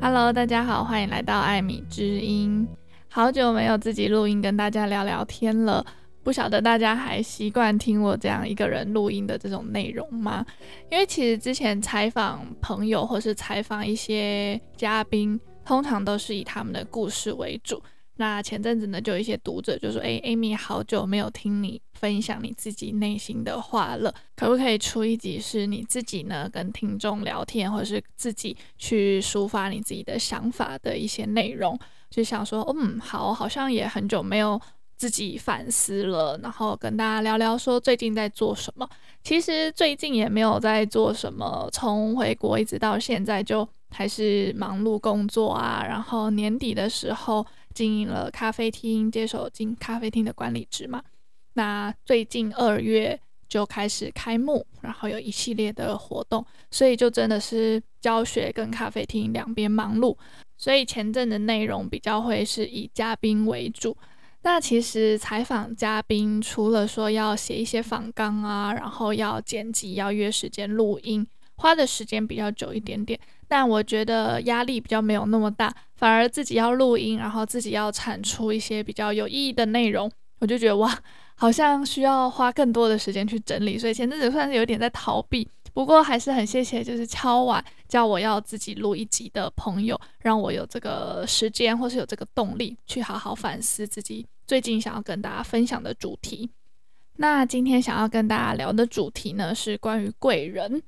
Hello，大家好，歡迎來到艾米之音。好久沒有自己錄音跟大家聊聊天了，不曉得大家還習慣聽我這樣一個人錄音的這種內容嗎？因為其實之前採訪朋友或是採訪一些嘉賓。通常都是以他們的故事為主。那前陣子呢，就有一些讀者就說：“誒、欸、Amy 好久沒有聽你分享你自己內心的話了，可不可以出一集是你自己呢，跟聽眾聊天，或者是自己去抒發你自己的想法的一些內容？”就想說，哦，“嗯，好，好像也很久沒有自己反思了，然後跟大家聊聊說最近在做什麼。其實最近也沒有在做什麼，從回國一直到現在就。”還是忙碌工作啊，然後年底的時候經營了咖啡廳，接手進咖啡廳的管理職嘛。那最近二月就開始開幕，然後有一系列的活動，所以就真的是教學跟咖啡廳兩邊忙碌。所以前陣的內容比較會是以嘉賓為主。那其實採訪嘉賓，除了說要寫一些訪綱啊，然後要剪輯、要約時間、錄音，花的時間比較久一點點。但我覺得壓力比較沒有那麼大，反而自己要錄音，然後自己要產出一些比較有意義的內容，我就覺得哇，好像需要花更多的時間去整理。所以前陣子算是有點在逃避，不過還是很謝謝就是敲碗叫我要自己錄一集的朋友，讓我有這個時間或是有這個動力去好好反思自己最近想要跟大家分享的主題。那今天想要跟大家聊的主題呢，是關於貴人。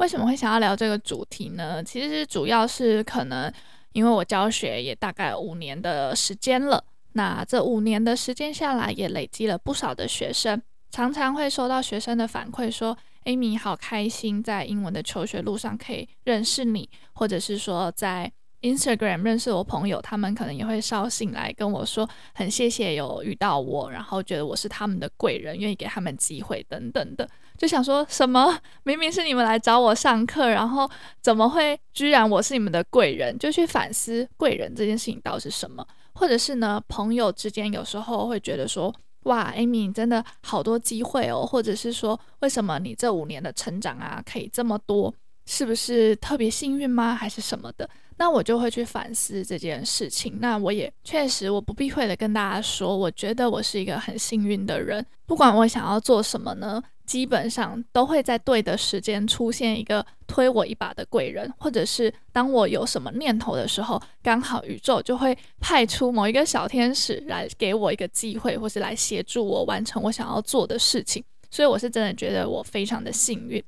為什麼會想要聊這個主題呢？其實主要是可能因為我教學也大概五年的時間了，那這五年的時間下來也累積了不少的學生，常常會收到學生的反饋說，Amie 好開心在英文的求學路上可以認識你，或者是說在 Instagram 認識我朋友，他們可能也會捎信來跟我說，很謝謝有遇到我，然後覺得我是他們的貴人，願意給他們機會等等的。就想說什麼？明明是你們來找我上課，然後怎麼會居然我是你們的貴人？就去反思貴人這件事情到底是什麼，或者是呢，朋友之間有時候會覺得說，哇，Amy，你真的好多機會哦，或者是說，為什麼你這五年的成長啊可以這麼多，是不是特別幸運嗎？還是什麼的？那我就會去反思這件事情。那我也確實我不避諱的跟大家說，我覺得我是一個很幸運的人，不管我想要做什麼呢？基本上都會在對的時間出現一個推我一把的貴人，或者是當我有什麼念頭的時候，剛好宇宙就會派出某一個小天使來給我一個機會，或是來協助我完成我想要做的事情。所以我是真的覺得我非常的幸運。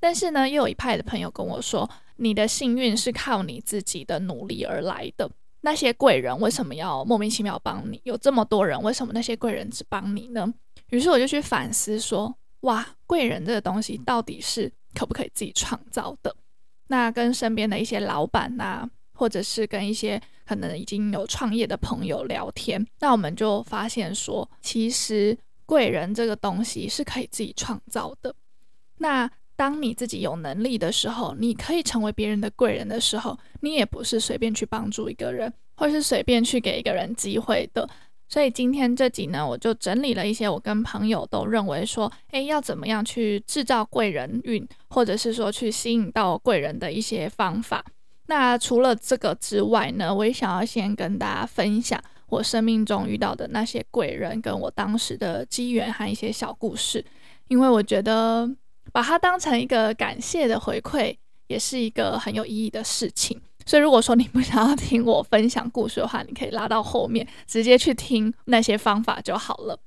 但是呢，又有一派的朋友跟我說，你的幸運是靠你自己的努力而來的。那些貴人為什麼要莫名其妙幫你？有這麼多人，為什麼那些貴人只幫你呢？於是我就去反思說，哇，貴人這個東西到底是可不可以自己創造的？那跟身邊的一些老板吶，或者是跟一些可能已經有創業的朋友聊天，那我們就發現說，其實貴人這個東西是可以自己創造的。那當你自己有能力的時候，你可以成為別人的貴人的時候，你也不是隨便去幫助一個人，或是隨便去給一個人機會的。所以今天這集呢，我就整理了一些我跟朋友都認為說，哎，要怎麼樣去製造貴人運，或者是說去吸引到貴人的一些方法。那除了這個之外呢，我也想要先跟大家分享我生命中遇到的那些貴人，跟我當時的機緣和一些小故事。因為我覺得把它當成一個感謝的回饋，也是一個很有意義的事情。所以，如果說你不想要聽我分享故事的話，你可以拉到後面，直接去聽那些方法就好了。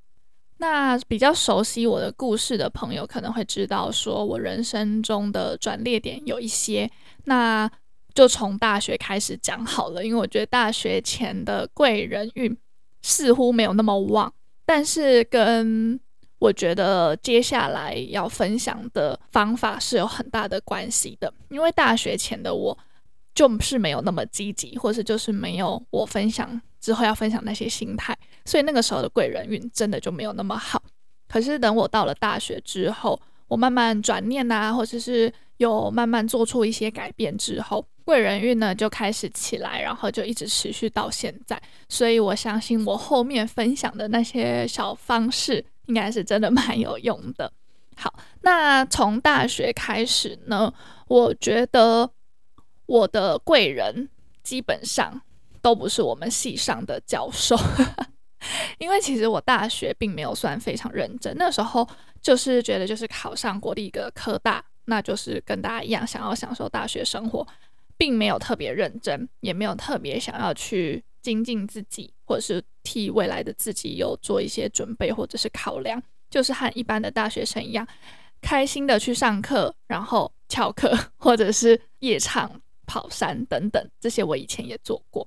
那比較熟悉我的故事的朋友可能會知道，說我人生中的轉捩點有一些，那就從大學開始講好了。因為我覺得大學前的貴人運似乎沒有那麼旺，但是跟我覺得接下來要分享的方法是有很大的關係的，因為大學前的我，就是沒有那麼積極，或者就是沒有我分享之後要分享那些心態，所以那個時候的貴人運真的就沒有那麼好。可是等我到了大學之後，我慢慢轉念啊，或者是有慢慢做出一些改變之後，貴人運呢就開始起來，然後就一直持續到現在。所以我相信我後面分享的那些小方式，應該是真的蠻有用的。好，那從大學開始呢，我覺得。我的貴人基本上都不是我們系上的教授， 因為其實我大學並沒有算非常認真，那時候就是覺得就是考上國立一個科大，那就是跟大家一樣想要享受大學生活，並沒有特別認真，也沒有特別想要去精進自己，或者是替未來的自己有做一些準備或者是考量，就是和一般的大學生一樣，開心的去上課，然後翹課或者是夜唱。跑山等等，這些我以前也做過。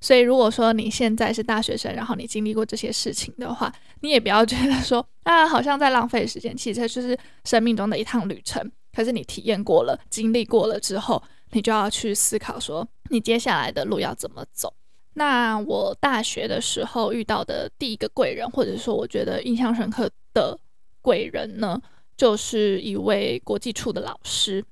所以，如果說你現在是大學生，然後你經歷過這些事情的話，你也不要覺得說啊，好像在浪費時間，其實這就是生命中的一趟旅程。可是你體驗過了、經歷過了之後，你就要去思考說你接下來的路要怎麼走。那我大學的時候遇到的第一個貴人，或者說我覺得印象深刻的貴人呢，就是一位國際處的老師。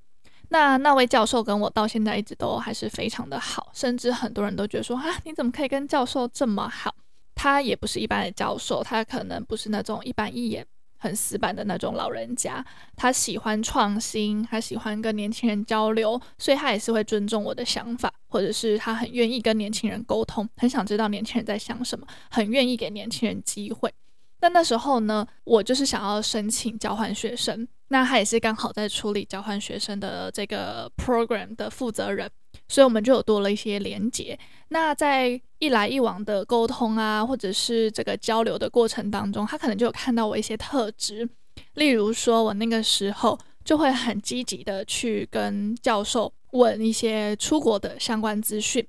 那那位教授跟我到現在一直都還是非常的好，甚至很多人都覺得說，啊，你怎麼可以跟教授這麼好？他也不是一般的教授，他可能不是那種一板一眼、很死板的那種老人家。他喜歡創新，他喜歡跟年輕人交流，所以他也是會尊重我的想法，或者是他很願意跟年輕人溝通，很想知道年輕人在想什麼，很願意給年輕人機會。那那時候呢，我就是想要申請交換學生，那他也是剛好在處理交換學生的這個 program 的負責人，所以我們就有多了一些連結。那在一來一往的溝通啊，或者是這個交流的過程當中，他可能就有看到我一些特質，例如說我那個時候就會很積極的去跟教授問一些出國的相關資訊，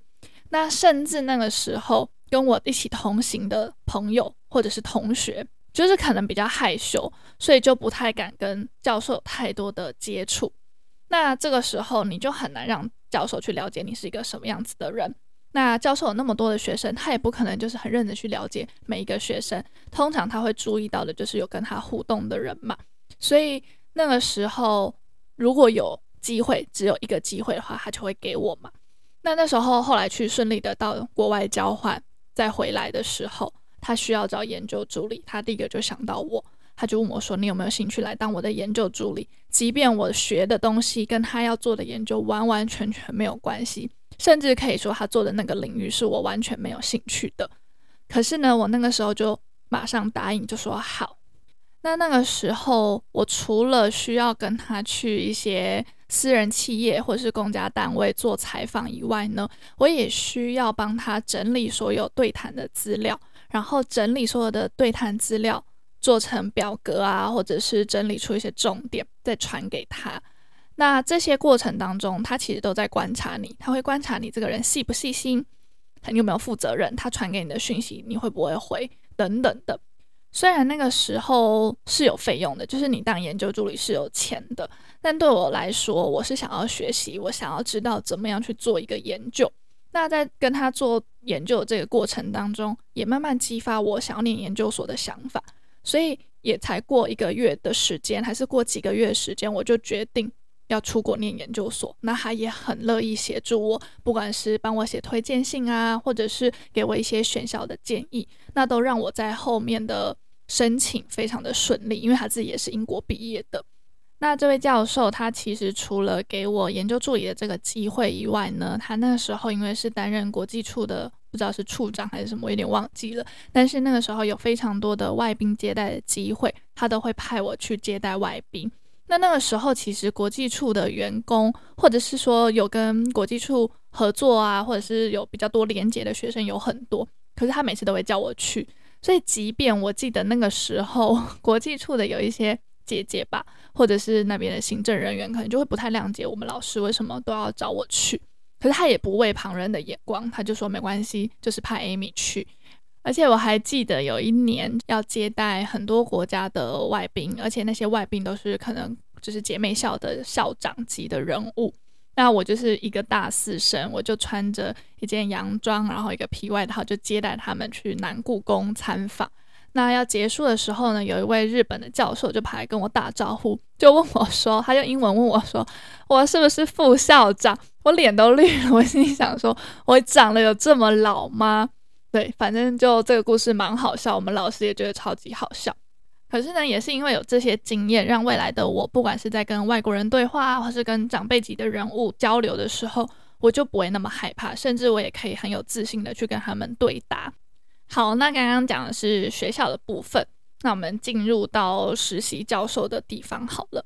那甚至那個時候跟我一起同行的朋友。或者是同學，就是可能比較害羞，所以就不太敢跟教授有太多的接觸。那這個時候你就很難讓教授去了解你是一個什麼樣子的人。那教授有那麼多的學生，他也不可能就是很認真去了解每一個學生。通常他會注意到的就是有跟他互動的人嘛。所以那個時候如果有機會，只有一個機會的話，他就會給我嘛。那那時候後來去順利的到國外交換，再回來的時候他需要找研究助理，他第一個就想到我，他就問我說：“你有沒有興趣來當我的研究助理？即便我學的東西跟他要做的研究完完全全沒有關係，甚至可以說他做的那個領域是我完全沒有興趣的。可是呢，我那個時候就馬上答應，就說好。那那個時候，我除了需要跟他去一些私人企業或是公家單位做採訪以外呢，我也需要幫他整理所有對談的資料。”然後整理所有的對談資料，做成表格啊，或者是整理出一些重點，再傳給他。那這些過程當中，他其實都在觀察你，他會觀察你這個人細不細心，你有沒有負責任，他傳給你的訊息你會不會回等等的。雖然那個時候是有費用的，就是你當研究助理是有錢的，但對我來說，我是想要學習，我想要知道怎麼樣去做一個研究。那在跟他做研究的這個過程當中，也慢慢激發我想要念研究所的想法，所以也才過一個月的時間，還是過幾個月的時間，我就決定要出國念研究所。那他也很樂意協助我，不管是幫我寫推薦信啊，或者是給我一些選校的建議，那都讓我在後面的申請非常的順利，因為他自己也是英國畢業的。那這位教授他其實除了給我研究助理的這個機會以外呢，他那時候因為是擔任國際處的。不知道是處長還是什麼，我有點忘記了。但是那個時候有非常多的外賓接待的機會，他都會派我去接待外賓。那那個時候其實國際處的員工，或者是說有跟國際處合作啊，或者是有比較多連結的學生有很多。可是他每次都會叫我去，所以即便我記得那個時候國際處的有一些姐姐吧，或者是那邊的行政人員，可能就會不太諒解我們老師為什麼都要找我去。可是他也不畏旁人的眼光，他就說沒關係，就是派 Amy 去。而且我還記得有一年要接待很多國家的外賓，而且那些外賓都是可能就是姐妹校的校長級的人物。那我就是一個大四生，我就穿着一件洋裝，然後一個皮外套，就接待他們去南故宮參訪。那要結束的時候呢，有一位日本的教授就跑來跟我打招呼，就問我說，他用英文問我說，我是不是副校長？我臉都綠了，我心裡想說，我長得有這麼老嗎？對，反正就這個故事蠻好笑，我們老師也覺得超級好笑。可是呢，也是因為有這些經驗，讓未來的我，不管是在跟外國人對話，或是跟長輩級的人物交流的時候，我就不會那麼害怕，甚至我也可以很有自信的去跟他們對答。好，那剛剛講的是學校的部分，那我們進入到實習教授的地方好了。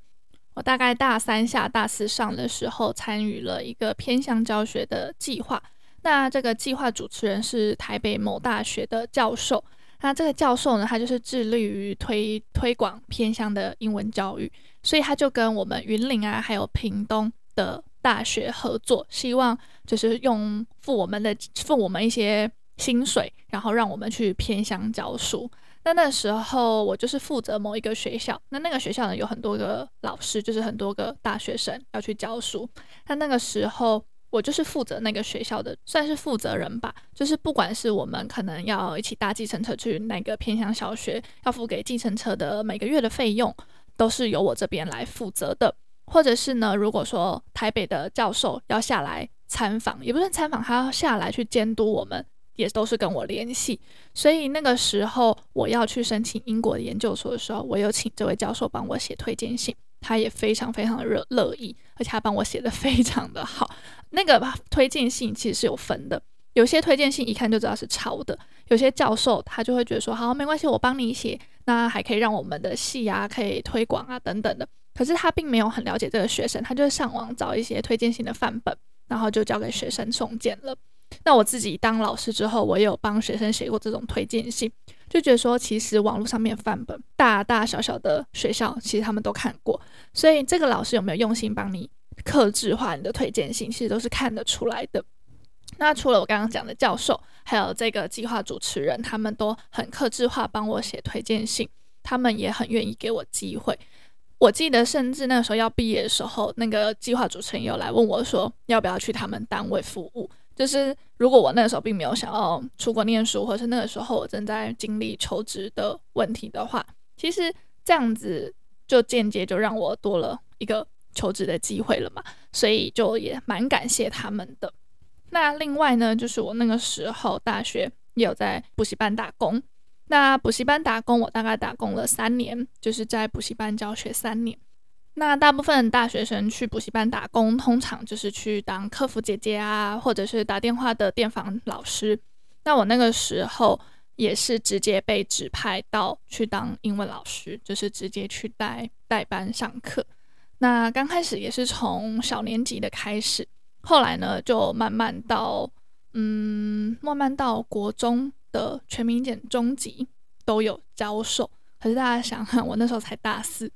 我大概大三下、大四上的時候參與了一個偏向教學的計劃。那這個計劃主持人是台北某大學的教授。那這個教授呢，他就是致力於推推廣偏鄉的英文教育，所以他就跟我們雲林啊，還有屏東的大學合作，希望就是用付我們的付我們一些薪水，然後讓我們去偏鄉教書。那那時候我就是負責某一個學校，那那個學校呢，有很多個老師，就是很多個大學生要去教書。那那個時候我就是負責那個學校的，算是負責人吧。就是不管是我們可能要一起搭計程車去那個偏鄉小學，要付給計程車的每個月的費用，都是由我這邊來負責的。或者是呢，如果說台北的教授要下來參訪，也不是參訪，他要下來去監督我們。也都是跟我聯繫，所以那個時候我要去申請英國的研究所的時候，我有請這位教授幫我寫推薦信，他也非常非常熱樂，樂意，而且他幫我寫的非常的好。那個推薦信其實是有分的，有些推薦信一看就知道是抄的，有些教授他就會覺得說好，沒關係，我幫你寫，那還可以讓我們的系啊可以推廣啊等等的，可是他並沒有很了解這個學生，他就上網找一些推薦信的範本，然後就交給學生送件了。那我自己當老師之後，我也有幫學生寫過這種推薦信，就覺得說，其實網絡上面範本大大小小的學校，其實他們都看過，所以這個老師有沒有用心幫你客製化你的推薦信，其實都是看得出來的。那除了我剛剛講的教授，還有這個計劃主持人，他們都很客製化幫我寫推薦信，他們也很願意給我機會。我記得甚至那個時候要畢業的時候，那個計劃主持人有來問我說，要不要去他們單位服務。就是如果我那個時候並沒有想要出國念書，或是那個時候我正在經歷求職的問題的話，其實這樣子就間接就讓我多了一個求職的機會了嘛，所以就也蠻感謝他們的。那另外呢，就是我那個時候大學也有在補習班打工，那補習班打工我大概打工了三年，就是在補習班教學三年。那大部分大學生去補習班打工，通常就是去當客服姐姐啊，或者是打電話的電訪老師。那我那個時候也是直接被指派到去當英文老師，就是直接去帶帶班上課。那剛開始也是從小年級的開始，後來呢就慢慢到，嗯，慢慢到國中的全民檢中級都有教授。可是大家想，我那時候才大四。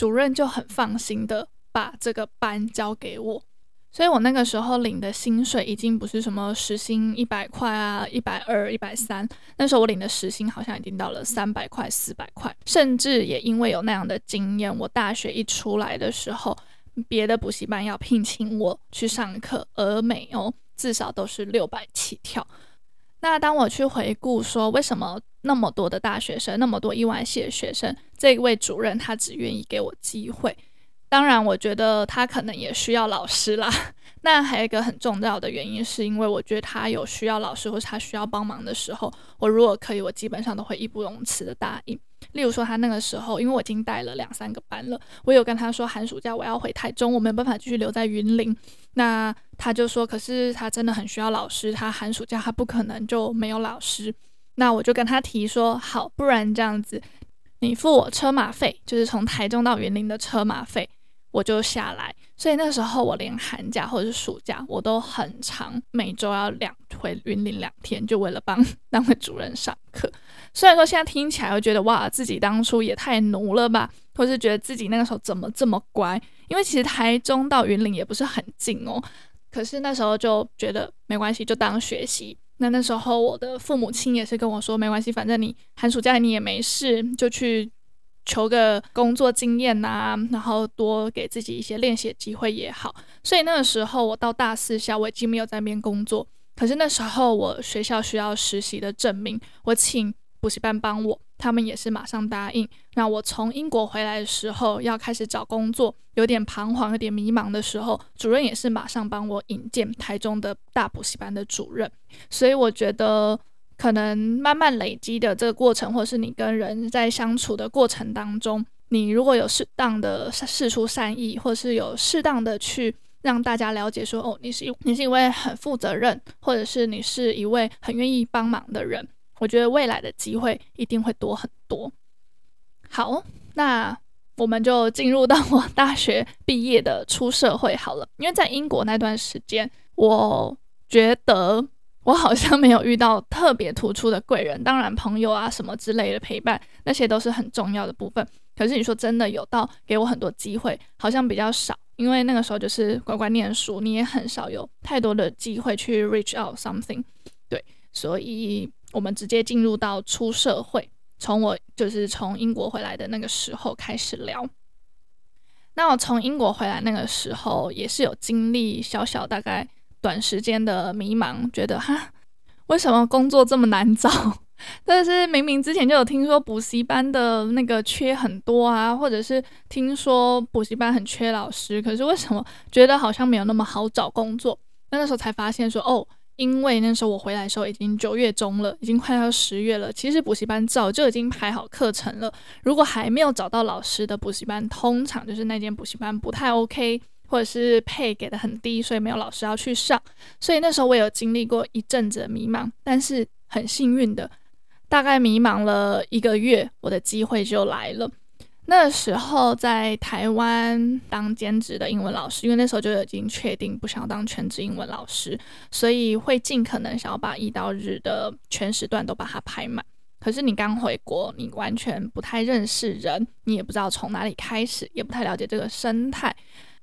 主任就很放心的把這個班交給我，所以我那個時候領的薪水已經不是什麼時薪一百塊啊、一百二、一百三，那時候我領的時薪好像已經到了三百塊、四百塊，甚至也因為有那樣的經驗，我大學一出來的時候，別的補習班要聘請我去上課，而每 hour，至少都是六百起跳。那當我去回顧說，為什麼那麼多的大學生，那麼多意外系的學生，這位主任他只願意給我機會？當然，我覺得他可能也需要老師啦。那還有一個很重要的原因，是因為我覺得他有需要老師或者他需要幫忙的時候，我如果可以，我基本上都會義不容辭的答應。例如說，他那個時候，因為我已經帶了兩三個班了，我有跟他說寒暑假我要回台中，我沒有辦法繼續留在雲林。那他就說，可是他真的很需要老師，他寒暑假他不可能就沒有老師。那我就跟他提說，好，不然這樣子，你付我車馬費，就是從台中到雲林的車馬費。我就下來，所以那時候我連寒假或者是暑假我都很常，每周要兩回雲林兩天，就為了幫那位主任上課。雖然說現在聽起來會覺得哇，自己當初也太奴了吧，或是覺得自己那個時候怎麼這麼乖？因為其實台中到雲林也不是很近哦，可是那時候就覺得沒關係，就當學習。那那時候我的父母親也是跟我說沒關係，反正你寒暑假你也沒事，就去。求個工作經驗吶、啊，然後多給自己一些練習機會也好。所以那個時候我到大四下，我已經沒有在那邊工作。可是那時候我學校需要實習的證明，我請補習班幫我，他們也是馬上答應。那我從英國回來的時候要開始找工作，有點彷徨，有點迷茫的時候，主任也是馬上幫我引薦台中的大補習班的主任。所以我覺得。可能慢慢累積的這個過程，或者是你跟人在相處的過程當中，你如果有適當的釋出善意，或者是有適當的去讓大家了解說，哦，你是一你是一位很負責任，或者是你是一位很願意幫忙的人，我覺得未來的機會一定會多很多。好，那我們就進入到我大學畢業的出社會好了，因為在英國那段時間，我覺得。我好像沒有遇到特別突出的貴人，當然朋友啊什麼之類的陪伴，那些都是很重要的部分。可是你說真的，有到給我很多機會，好像比較少，因為那個時候就是乖乖念書，你也很少有太多的機會去 reach out something。對，所以我們直接進入到出社會，從我就是從英國回來的那個時候開始聊。那我從英國回來那個時候，也是有經歷小小大概。短時間的迷茫，覺得哈，為什麼工作這麼難找？但是明明之前就有聽說補習班的那個缺很多啊，或者是聽說補習班很缺老師，可是為什麼覺得好像沒有那麼好找工作？那那時候才發現說，哦，因為那時候我回來的時候已經九月中了，已經快要十月了。其實補習班早就已經排好課程了。如果還沒有找到老師的補習班，通常就是那間補習班不太 OK。或者是 pay 給的很低，所以沒有老師要去上，所以那時候我也有經歷過一陣子的迷茫，但是很幸運的，大概迷茫了一個月，我的機會就來了。那時候在台灣當兼職的英文老師，因為那時候就已經確定不想要當全職英文老師，所以會盡可能想要把一到日的全時段都把它排滿。可是你剛回國，你完全不太認識人，你也不知道從哪裡開始，也不太了解這個生態。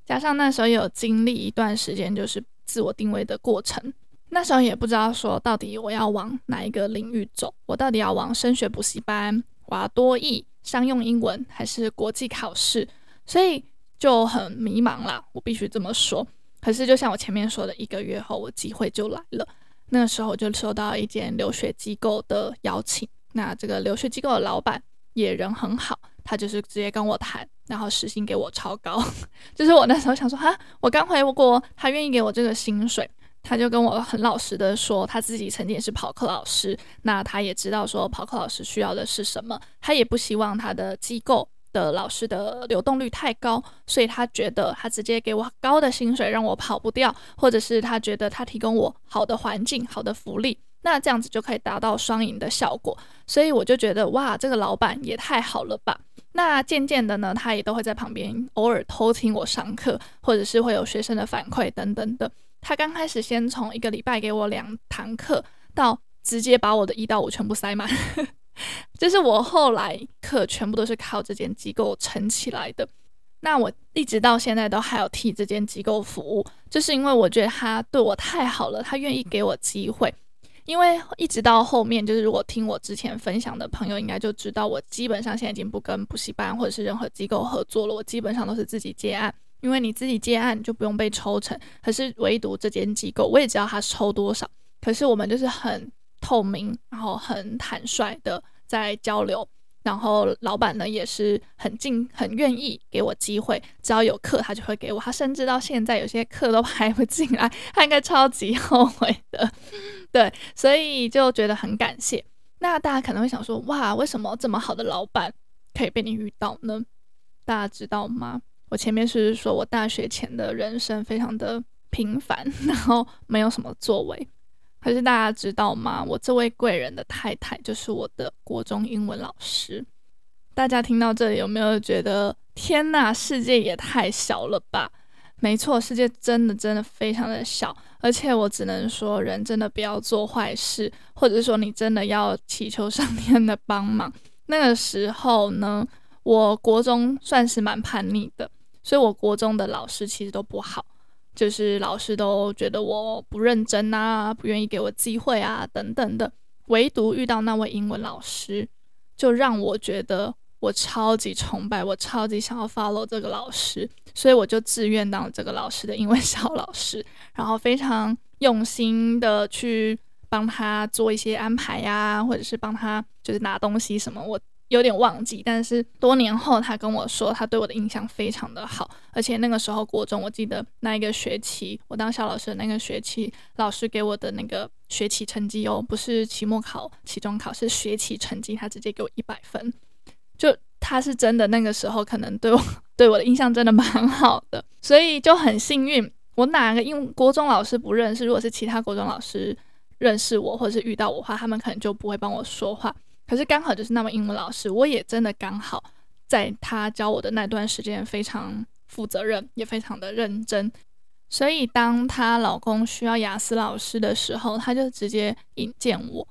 加上那時候有經歷一段時間，就是自我定位的過程。那時候也不知道說到底我要往哪一個領域走，我到底要往升學補習班，我要多益、商用英文還是國際考試，所以就很迷茫啦，我必須這麼說。可是就像我前面說的，一個月後我機會就來了。那時候我就收到一間留學機構的邀請，那這個留學機構的老闆也人很好。他就是直接跟我談，然後時薪給我超高。 就是我那時候想說，哈，我剛回國，他願意給我這個薪水。他就跟我很老實的說，他自己曾經是跑課老師，那他也知道說跑課老師需要的是什麼，他也不希望他的機構的老師的流動率太高，所以他覺得他直接給我高的薪水，讓我跑不掉，或者是他覺得他提供我好的環境、好的福利。那這樣子就可以達到雙贏的效果，所以我就覺得哇，這個老闆也太好了吧。那漸漸的呢，他也都會在旁邊偶爾偷聽我上課，或者是會有學生的反饋等等的。他剛開始先從一個禮拜給我兩堂課，到直接把我的一到五全部塞滿， 就是我後來課全部都是靠這間機構撐起來的。那我一直到現在都還要替這間機構服務，就是因為我覺得他對我太好了，他願意給我機會。因為一直到後面，就是如果聽我之前分享的朋友，應該就知道我基本上現在已經不跟補習班或者是任何機構合作了。我基本上都是自己接案，因為你自己接案就不用被抽成。可是唯獨這間機構，我也知道他抽多少。可是我們就是很透明，然後很坦率的在交流。然後老闆呢也是很近、很願意給我機會，只要有課他就會給我，他甚至到現在有些課都排不進來，他應該超級後悔的，對，所以就覺得很感謝。那大家可能會想說，哇，為什麼這麼好的老闆可以被你遇到呢？大家知道嗎？我前面是，是說我大學前的人生非常的平凡，然後沒有什麼作為。可是大家知道嗎？我這位貴人的太太就是我的國中英文老師。大家聽到這裡有沒有覺得天吶，世界也太小了吧？沒錯，世界真的真的非常的小。而且我只能說，人真的不要做壞事，或者是說你真的要祈求上天的幫忙。那個時候呢，我國中算是蠻叛逆的，所以我國中的老師其實都不好。就是老師都覺得我不認真啊，不願意給我機會啊，等等的。唯獨遇到那位英文老師，就讓我覺得我超級崇拜，我超級想要 follow 這個老師，所以我就自願當這個老師的英文小老師，然後非常用心的去幫他做一些安排呀、啊，或者是幫他就是拿東西什麼我。有點忘記，但是多年後他跟我說，他對我的印象非常的好，而且那個時候國中，我記得那一個學期，我當小老師的那個學期，老師給我的那個學期成績哦，不是期末考、期中考，是學期成績，他直接給我一百分，就他是真的，那個時候可能對我對我的印象真的蠻好的，所以就很幸運，我哪個因為國中老師不認識，如果是其他國中老師認識我，或者是遇到我話，他們可能就不會幫我說話。可是剛好就是那位英文老師，我也真的剛好在他教我的那段時間非常負責任，也非常的認真。所以當她老公需要雅思老師的時候，他就直接引薦我。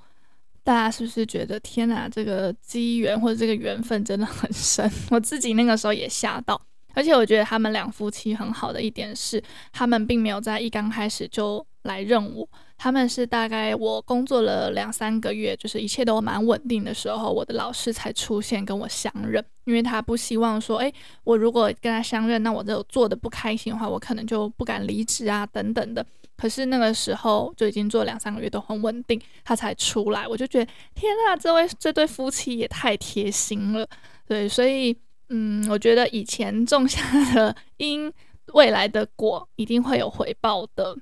大家是不是覺得天哪，這個機緣或者這個緣分真的很深？我自己那個時候也嚇到。而且我覺得他們兩夫妻很好的一點是，他們並沒有在一剛開始就來認我。他們是大概我工作了兩三個月，就是一切都蠻穩定的時候，我的老師才出現跟我相認，因為他不希望說，誒，我如果跟他相認，那我這做的不開心的話，我可能就不敢離職啊，等等的。可是那個時候就已經做了兩三個月都很穩定，他才出來，我就覺得天啊，這位這對夫妻也太貼心了，對，所以，嗯，我覺得以前種下的因，未來的果一定會有回報的。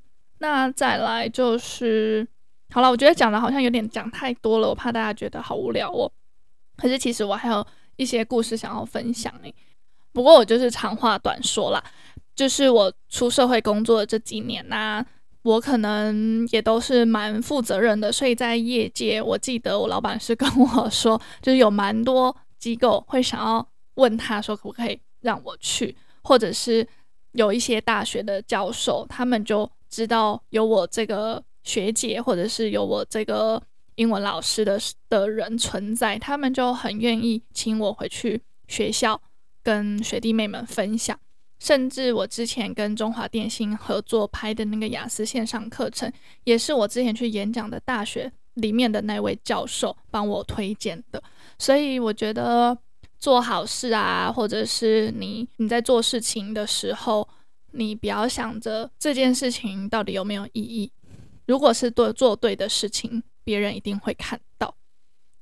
那再來就是好了，我覺得講的好像有點講太多了，我怕大家覺得好無聊哦。可是其實我還有一些故事想要分享誒。不過我就是長話短說啦，就是我出社會工作的這幾年吶、啊，我可能也都是蠻負責任的，所以在業界，我記得我老板是跟我說，就是有蠻多機構會想要問他說可不可以讓我去，或者是有一些大學的教授，他們就。知道有我這個學姐，或者是有我這個英文老師的的人存在，他們就很願意請我回去學校跟學弟妹們分享。甚至我之前跟中華電信合作拍的那個雅思線上課程，也是我之前去演講的大學裡面的那位教授幫我推薦的。所以我覺得做好事啊，或者是你你在做事情的時候。你不要想着這件事情到底有沒有意義，如果是對做對的事情，別人一定會看到。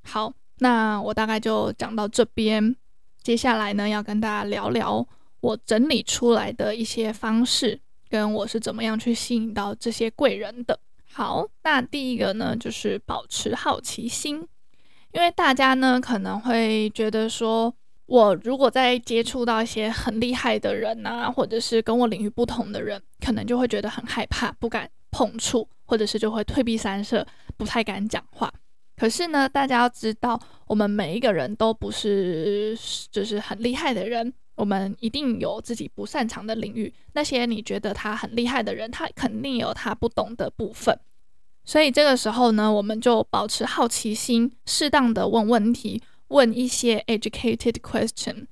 好，那我大概就講到這邊，接下來呢要跟大家聊聊我整理出來的一些方式，跟我是怎麼樣去吸引到這些貴人的。好，那第一個呢就是保持好奇心，因為大家呢可能會覺得說。我如果在接觸到一些很厲害的人啊，或者是跟我領域不同的人，可能就會覺得很害怕，不敢碰觸，或者是就會退避三舍，不太敢講話。可是呢，大家要知道，我們每一個人都不是就是很厲害的人，我們一定有自己不擅長的領域。那些你覺得他很厲害的人，他肯定有他不懂的部分。所以這個時候呢，我們就保持好奇心，適當的問問題。問一些 educated question，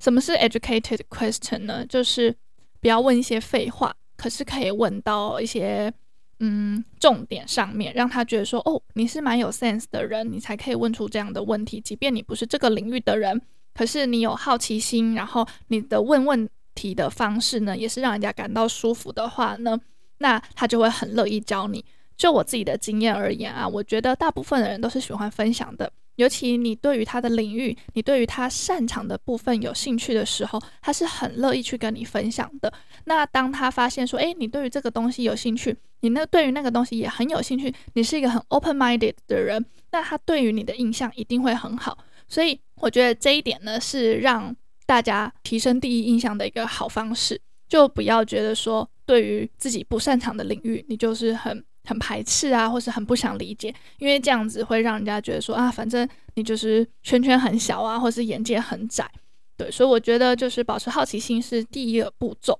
什麼是 educated question 呢？就是不要問一些廢話，可是可以問到一些嗯重點上面，讓他覺得說哦，你是蠻有 sense 的人，你才可以問出這樣的問題。即便你不是這個領域的人，可是你有好奇心，然後你的問問題的方式呢，也是讓人家感到舒服的話呢，那他就會很樂意教你。就我自己的經驗而言啊，我覺得大部分的人都是喜歡分享的。尤其你對於他的領域，你對於他擅長的部分有興趣的時候，他是很樂意去跟你分享的。那當他發現說，誒，你對於這個東西有興趣，你那對於那個東西也很有興趣，你是一個很 open minded 的人，那他對於你的印象一定會很好。所以我覺得這一點呢，是讓大家提升第一印象的一個好方式。就不要覺得說，對於自己不擅長的領域，你就是很很排斥啊，或是很不想理解。因為這樣子會讓人家覺得說啊，反正你就是圈圈很小啊，或是眼界很窄，對。所以我覺得就是保持好奇心是第一個步驟。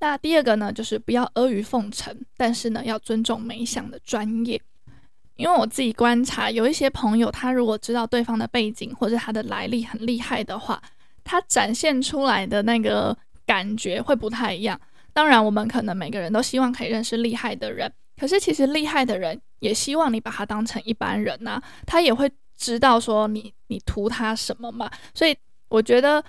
那第二個呢，就是不要阿諛奉承，但是呢，要尊重每一項的專業。因為我自己觀察，有一些朋友，他如果知道對方的背景或者他的來歷很厲害的話，他展現出來的那個感覺會不太一樣。當然，我們可能每個人都希望可以認識厲害的人。可是其實厲害的人也希望你把他當成一般人吶，他也會知道說你你圖他什麼嘛。所以我覺得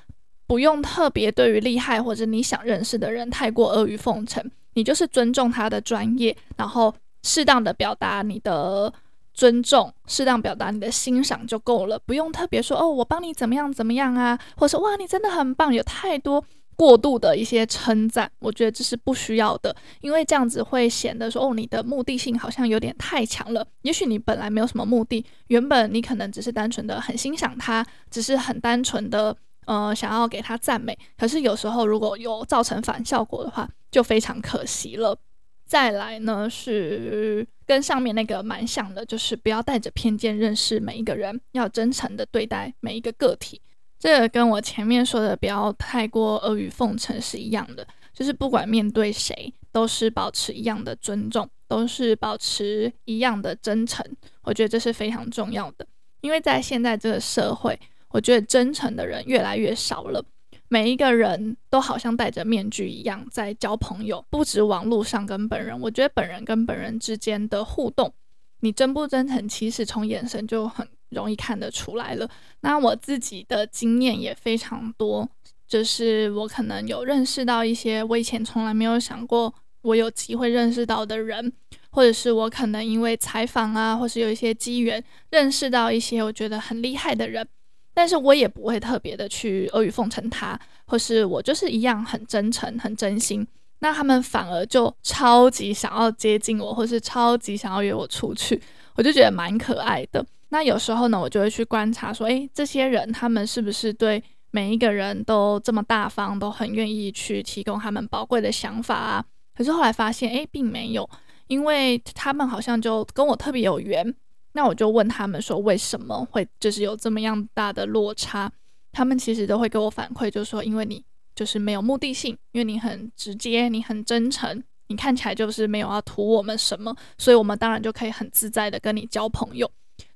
不用特別對於厲害或者你想認識的人太過阿諛奉承，你就是尊重他的專業，然後適當的表達你的尊重，適當表達你的欣賞就夠了，不用特別說哦，我幫你怎麼樣怎麼樣啊，或者說哇，你真的很棒，有太多。過度的一些稱讚，我覺得這是不需要的，因為這樣子會顯得說哦，你的目的性好像有點太強了，也許你本來沒有什麼目的，原本你可能只是單純的很欣賞他，只是很單純的呃想要給他讚美。可是有時候如果有造成反效果的話，就非常可惜了。再來呢是跟上面那個蠻像的，就是不要帶着偏見認識每一個人，要真誠的對待每一個個體。這個跟我前面說的不要太過阿諛奉承是一樣的，就是不管面對誰，都是保持一樣的尊重，都是保持一樣的真誠。我覺得這是非常重要的，因為在現在這個社會，我覺得真誠的人越來越少了。每一個人都好像戴着面具一樣在交朋友，不止網絡上跟本人，我覺得本人跟本人之間的互動，你真不真誠，其實從眼神就很。容易看得出來了。那我自己的經驗也非常多，就是我可能有認識到一些我以前從來沒有想過我有機會認識到的人，或者是我可能因為採訪啊，或是有一些機緣認識到一些我覺得很厲害的人。但是我也不會特別的去阿諛奉承他，或是我就是一樣很真誠、很真心。那他們反而就超級想要接近我，或是超級想要約我出去，我就覺得蠻可愛的。那有時候呢，我就會去觀察說，誒，這些人他們是不是對每一個人都這麼大方，都很願意去提供他們寶貴的想法啊？可是後來發現，誒，並沒有，因為他們好像就跟我特別有緣。那我就問他們說，為什麼會就是有這麼樣大的落差？他們其實都會給我反饋，就是說，因為你就是沒有目的性，因為你很直接，你很真誠，你看起來就是沒有要圖我們什麼，所以我們當然就可以很自在的跟你交朋友。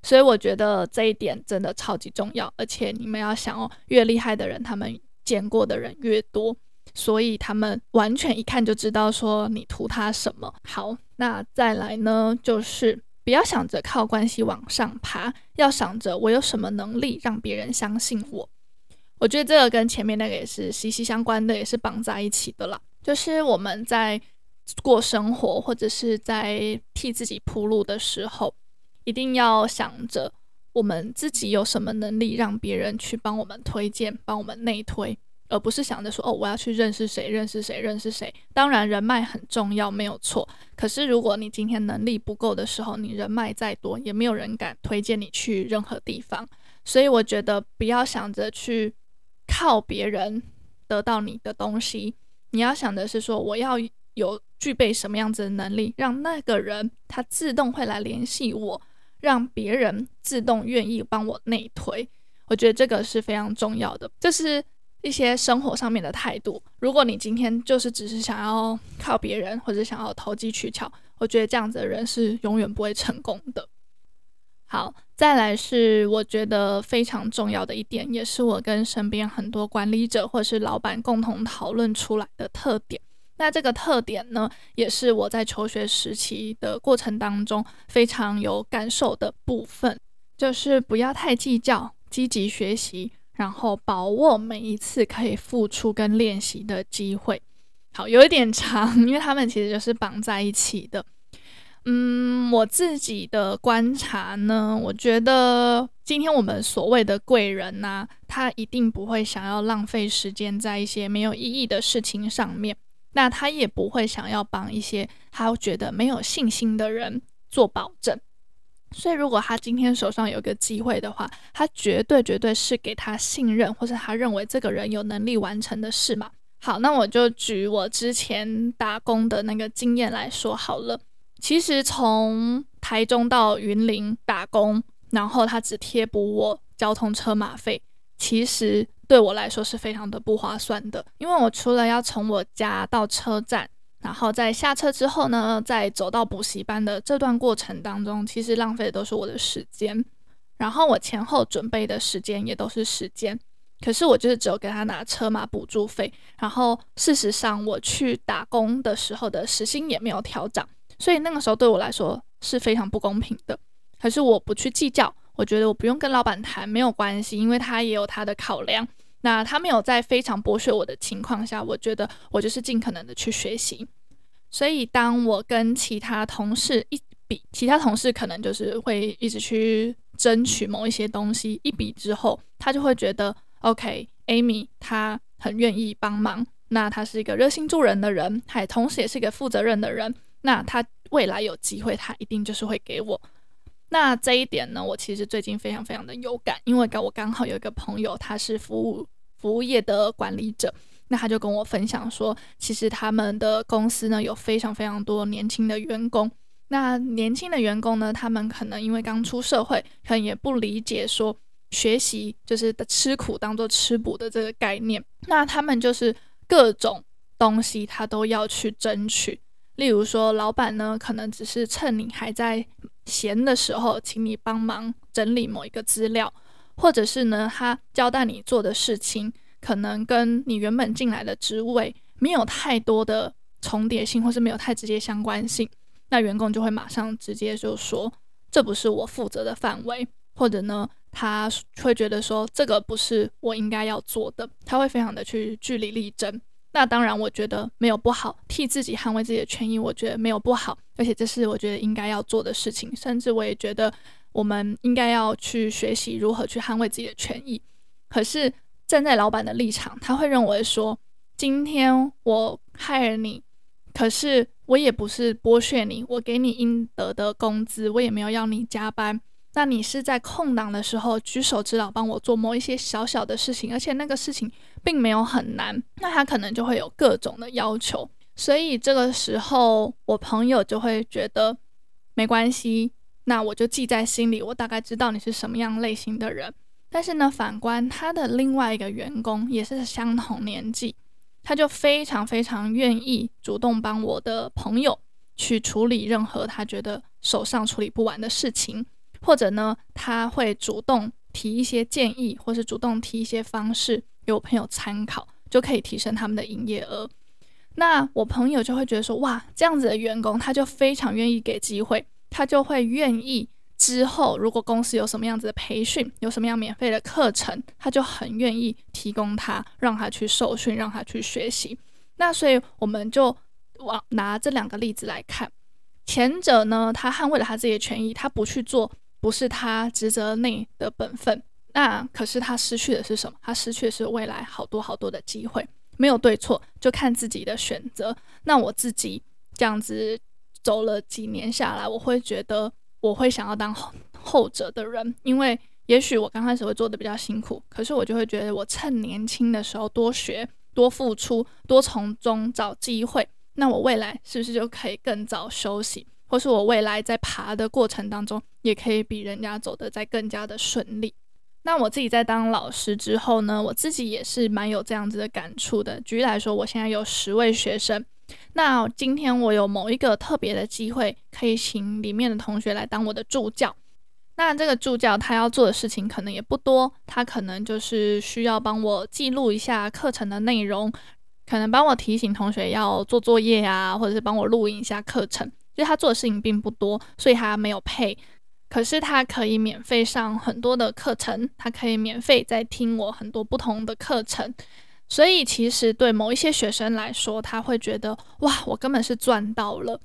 所以我覺得這一點真的超級重要，而且你們要想哦，越厲害的人，他們見過的人越多，所以他們完全一看就知道說你圖他什麼。好，那再來呢，就是不要想着靠關係往上爬，要想着我有什麼能力讓別人相信我。我覺得這個跟前面那個也是息息相關的，也是綁在一起的啦。就是我們在過生活或者是在替自己鋪路的時候。一定要想着我們自己有什麼能力，讓別人去幫我們推薦、幫我們內推，而不是想着說哦，我要去認識誰、認識誰、認識誰。當然，人脈很重要，沒有錯。可是，如果你今天能力不夠的時候，你人脈再多，也沒有人敢推薦你去任何地方。所以，我覺得不要想着去靠別人得到你的東西，你要想的是說，我要有具備什麼樣子的能力，讓那個人他自動會來聯繫我。讓別人自動願意幫我內推，我覺得這個是非常重要的。這是一些生活上面的態度。如果你今天就是只是想要靠別人，或者想要投機取巧，我覺得這樣子的人是永遠不會成功的。好，再來是我覺得非常重要的一點，也是我跟身邊很多管理者或者是老板共同討論出來的特點。那這個特點呢，也是我在求學時期的過程當中非常有感受的部分，就是不要太計較，積極學習，然後把握每一次可以付出跟練習的機會。好，有一點長，因為他們其實就是綁在一起的。嗯，我自己的觀察呢，我覺得今天我們所謂的貴人吶，他一定不會想要浪費時間在一些沒有意義的事情上面。那他也不會想要幫一些他覺得沒有信心的人做保證，所以如果他今天手上有個機會的話，他絕對絕對是給他信任或者他認為這個人有能力完成的事嘛。好，那我就舉我之前打工的那個經驗來說好了。其實從台中到雲林打工，然後他只貼補我交通車馬費，其實。對我來說是非常的不划算的，因為我除了要從我家到車站，然後在下車之後呢，再走到補習班的這段過程當中，其實浪費的都是我的時間，然後我前後準備的時間也都是時間，可是我就是只有給他拿車馬補助費，然後事實上我去打工的時候的時薪也沒有調漲，所以那個時候對我來說是非常不公平的，可是我不去計較，我覺得我不用跟老闆談，沒有關係，因為他也有他的考量。那他沒有在非常剝削我的情況下，我覺得我就是盡可能的去學習。所以當我跟其他同事一比，其他同事可能就是會一直去爭取某一些東西，一比之後，他就會覺得，OK，Amy，她很願意幫忙，那他是一個熱心助人的人，還同時也是一個負責任的人。那他未來有機會，他一定就是會給我。那這一點呢，我其實最近非常非常的有感，因為剛我剛好有一個朋友，他是服務服務業的管理者，那他就跟我分享說，其實他們的公司呢，有非常非常多年輕的員工，那年輕的員工呢，他們可能因為剛出社會，可能也不理解說學習就是吃苦當做吃補的這個概念，那他們就是各種東西他都要去爭取，例如說老闆呢，可能只是趁你還在。閒的時候，請你幫忙整理某一個資料，或者是呢，他交代你做的事情，可能跟你原本進來的職位沒有太多的重疊性，或是沒有太直接相關性，那員工就會馬上直接就說，這不是我負責的範圍，或者呢，他會覺得說，這個不是我應該要做的，他會非常的去據理力爭。那當然，我覺得沒有不好，替自己捍衛自己的權益，我覺得沒有不好，而且這是我覺得應該要做的事情，甚至我也覺得我們應該要去學習如何去捍衛自己的權益。可是站在老闆的立場，他會認為說，今天我 hire 你，可是我也不是剝削你，我給你應得的工資，我也沒有要你加班。那你是在空檔的時候舉手之勞幫我做某一些小小的事情，而且那個事情並沒有很難，那他可能就會有各種的要求，所以這個時候我朋友就會覺得沒關係，那我就記在心裡，我大概知道你是什麼樣類型的人。但是呢，反觀他的另外一個員工也是相同年紀，他就非常非常願意主動幫我的朋友去處理任何他覺得手上處理不完的事情。或者呢，他會主動提一些建議，或是主動提一些方式，給我朋友參考，就可以提升他們的營業額。那我朋友就會覺得說，哇，這樣子的員工，他就非常願意給機會，他就會願意之後，如果公司有什麼樣子的培訓，有什麼樣免費的課程，他就很願意提供他，讓他去受訓，讓他去學習。那所以，我們就往拿這兩個例子來看，前者呢，他捍衛了他自己的權益，他不去做。不是他職責內的本分，那可是他失去的是什麼？他失去的是未來好多好多的機會。沒有對錯，就看自己的選擇。那我自己這樣子走了幾年下來，我會覺得我會想要當後者的人，因為也許我剛開始會做得比較辛苦，可是我就會覺得我趁年輕的時候多學、多付出、多從中找機會，那我未來是不是就可以更早休息？或是我未來在爬的過程當中，也可以比人家走得再更加的順利。那我自己在當老師之後呢，我自己也是蠻有這樣子的感觸的。舉例來說，我現在有十位學生，那今天我有某一個特別的機會，可以請裡面的同學來當我的助教。那這個助教他要做的事情可能也不多，他可能就是需要幫我記錄一下課程的內容，可能幫我提醒同學要做作業啊，或者是幫我錄音一下課程。其實他做的事情並不多，所以他沒有 pay。可是他可以免費上很多的課程，他可以免費在聽我很多不同的課程。所以其實對某一些學生來說，他會覺得哇，我根本是賺到了。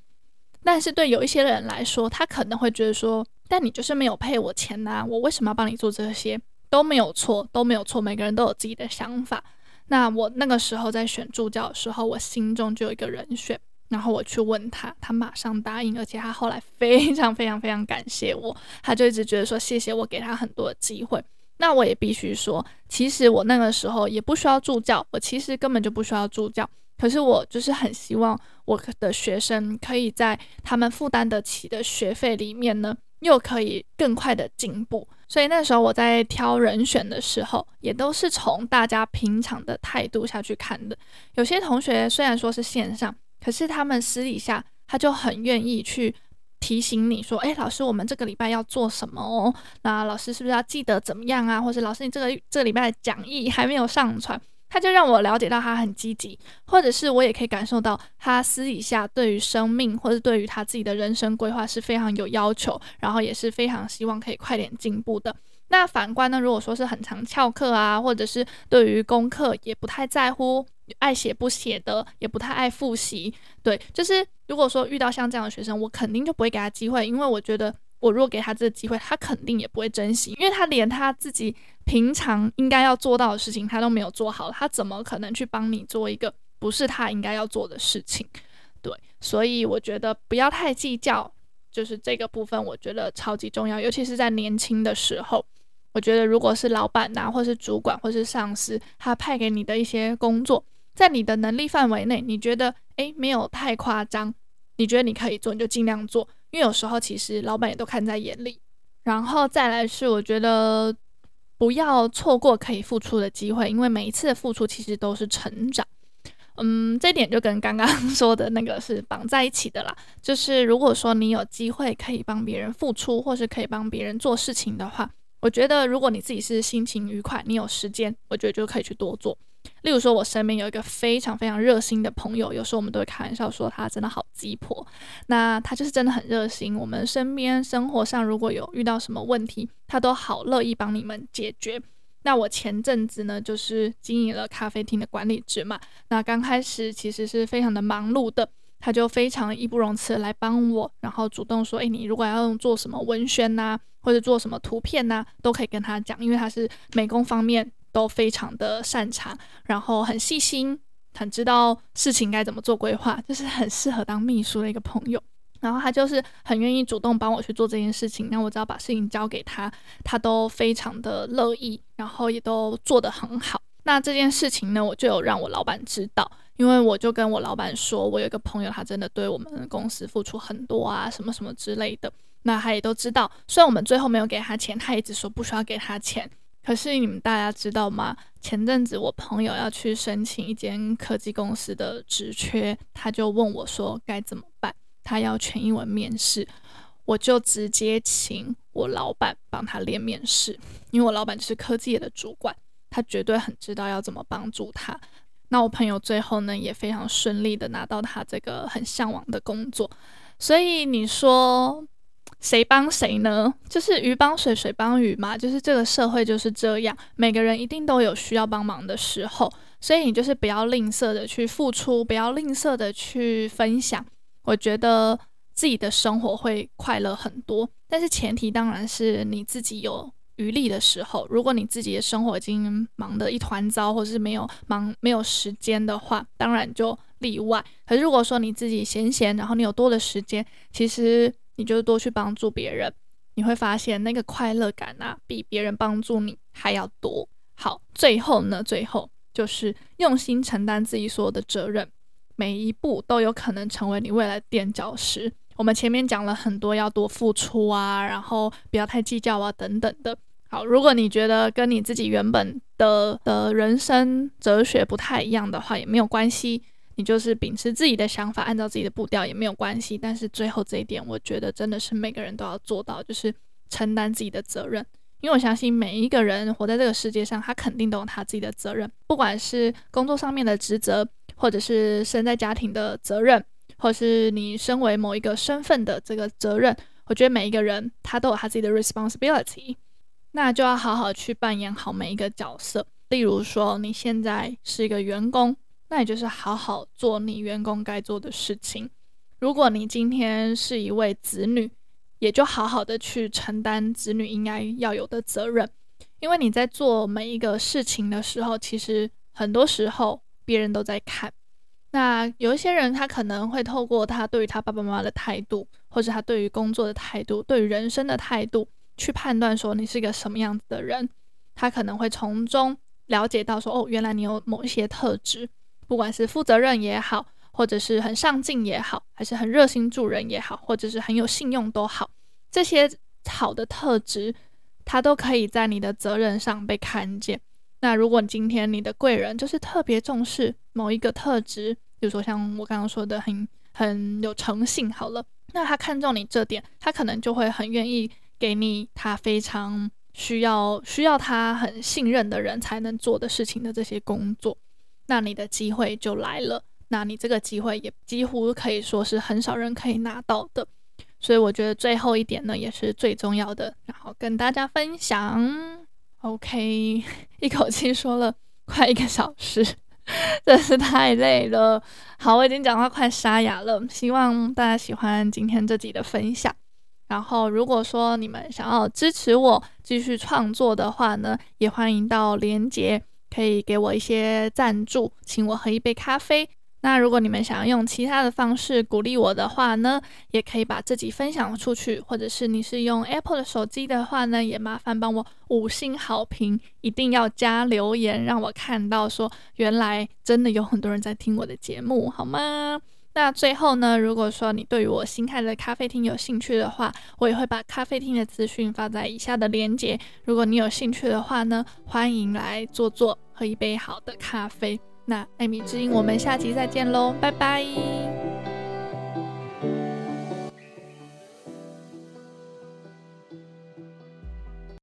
但是對有一些人來說，他可能會覺得說，但你就是沒有 pay 我錢吶、啊，我為什麼要幫你做這些？都沒有錯，都沒有錯。每個人都有自己的想法。那我那個時候在選助教的時候，我心中就有一個人選。然後我去問他，他馬上答應，而且他後來非常非常非常感謝我，他就一直覺得說謝謝我給他很多的機會。那我也必須說，其實我那個時候也不需要助教，我其實根本就不需要助教，可是我就是很希望我的學生可以在他們負擔得起的學費裡面呢，又可以更快的進步。所以那時候我在挑人選的時候，也都是從大家平常的態度下去看的。有些同學雖然說是線上，可是他們私底下，他就很願意去提醒你說：“誒，老師，我們這個禮拜要做什麼哦？那老師是不是要記得怎麼樣啊？或者老師，你這個這個禮拜的講義還沒有上傳，他就讓我了解到他很積極，或者是我也可以感受到他私底下對於生命或者對於他自己的人生規劃是非常有要求，然後也是非常希望可以快點進步的。那反觀呢，如果說是很常翹課啊，或者是對於功課也不太在乎。”愛寫不寫的，也不太愛複習，對，就是如果說遇到像這樣的學生，我肯定就不會給他機會，因為我覺得我如果給他這個機會，他肯定也不會珍惜，因為他連他自己平常應該要做到的事情他都沒有做好，他怎麼可能去幫你做一個不是他應該要做的事情？對，所以我覺得不要太計較，就是這個部分我覺得超級重要，尤其是在年輕的時候，我覺得如果是老闆啊，或是主管，或是上司，他派給你的一些工作。在你的能力範圍內，你覺得誒沒有太誇張，你覺得你可以做，你就盡量做，因為有時候其實老板也都看在眼裡。然後再來是，我覺得不要錯過可以付出的機會，因為每一次的付出其實都是成長。嗯，這點就跟剛剛說的那個是綁在一起的啦。就是如果說你有機會可以幫別人付出，或是可以幫別人做事情的話，我覺得如果你自己是心情愉快，你有時間，我覺得就可以去多做。例如說，我身邊有一個非常非常熱心的朋友，有時候我們都會開玩笑說他真的好雞婆。那他就是真的很熱心。我們身邊生活上如果有遇到什麼問題，他都好樂意幫你們解決。那我前陣子呢，就是經營了咖啡廳的管理職嘛。那剛開始其實是非常的忙碌的，他就非常義不容辭來幫我，然後主動說：“誒，你如果要用做什麼文宣吶、啊，或者做什麼圖片吶、啊，都可以跟他講，因為他是美工方面。”都非常的擅長，然後很細心，很知道事情該怎麼做規劃，就是很適合當秘書的一個朋友。然後他就是很願意主動幫我去做這件事情，那我只要把事情交給他，他都非常的樂意，然後也都做得很好。那這件事情呢，我就有讓我老板知道，因為我就跟我老板說，我有一個朋友，他真的對我們的公司付出很多啊，什麼什麼之類的。那他也都知道，雖然我們最後沒有給他錢，他也只說不需要給他錢。可是你們大家知道嗎？前陣子我朋友要去申請一間科技公司的職缺，他就問我說該怎麼辦。他要全英文面試，我就直接請我老闆幫他練面試，因為我老闆就是科技業的主管，他絕對很知道要怎麼幫助他。那我朋友最後呢也非常順利的拿到他這個很向往的工作，所以你說。誰幫誰呢？就是魚幫水，水幫魚嘛。就是這個社會就是這樣，每個人一定都有需要幫忙的時候，所以你就是不要吝嗇的去付出，不要吝嗇的去分享。我覺得自己的生活會快樂很多，但是前提當然是你自己有餘力的時候。如果你自己的生活已經忙得一團糟，或是沒有忙沒有時間的話，當然就例外。可是如果說你自己閒閒，然後你有多的時間，其實。你就多去幫助別人，你會發現那個快樂感啊，比別人幫助你還要多。好，最後呢，最後就是用心承擔自己所有的責任，每一步都有可能成為你未來墊腳石。我們前面講了很多，要多付出啊，然後不要太計較啊，等等的。好，如果你覺得跟你自己原本的的人生哲學不太一樣的話，也沒有關係。你就是秉持自己的想法，按照自己的步調也沒有關係。但是最後這一點，我覺得真的是每個人都要做到，就是承擔自己的責任。因為我相信每一個人活在這個世界上，他肯定都有他自己的責任，不管是工作上面的職責，或者是身在家庭的責任，或是你身為某一個身份的這個責任。我覺得每一個人他都有他自己的 responsibility，那就要好好去扮演好每一個角色。例如說，你現在是一個員工。那也就是好好做你員工該做的事情。如果你今天是一位子女，也就好好的去承擔子女應該要有的責任。因為你在做每一個事情的時候，其實很多時候別人都在看。那有一些人，他可能會透過他對於他爸爸媽媽的態度，或者他對於工作的態度，對於人生的態度，去判斷說你是一個什麼樣子的人。他可能會從中了解到說，哦，原來你有某一些特質。不管是負責任也好，或者是很上進也好，還是很熱心助人也好，或者是很有信用都好，這些好的特質，他都可以在你的責任上被看見。那如果今天你的貴人就是特別重視某一個特質，比如說像我剛剛說的很很有誠信，好了，那他看中你這點，他可能就會很願意給你他非常需要需要他很信任的人才能做的事情的這些工作。那你的機會就來了，那你這個機會也幾乎可以說是很少人可以拿到的，所以我覺得最後一點呢，也是最重要的，然後跟大家分享。OK，一口氣說了快一個小時，真是太累了。好，我已經講話快沙啞了，希望大家喜歡今天這集的分享。然後，如果說你們想要支持我繼續創作的話呢，也歡迎到連結。可以給我一些贊助，請我喝一杯咖啡。那如果你們想要用其他的方式鼓勵我的話呢，也可以把自己分享出去，或者是你是用 Apple 的手機的話呢，也麻煩幫我五星好評，一定要加留言，讓我看到說原來真的有很多人在聽我的節目，好嗎？那最後呢，如果說你對於我新開的咖啡廳有興趣的話，我也會把咖啡廳的資訊發在以下的鏈接。如果你有興趣的話呢，歡迎來坐坐，喝一杯好的咖啡。那艾米之音，我們下期再見嘍，拜拜。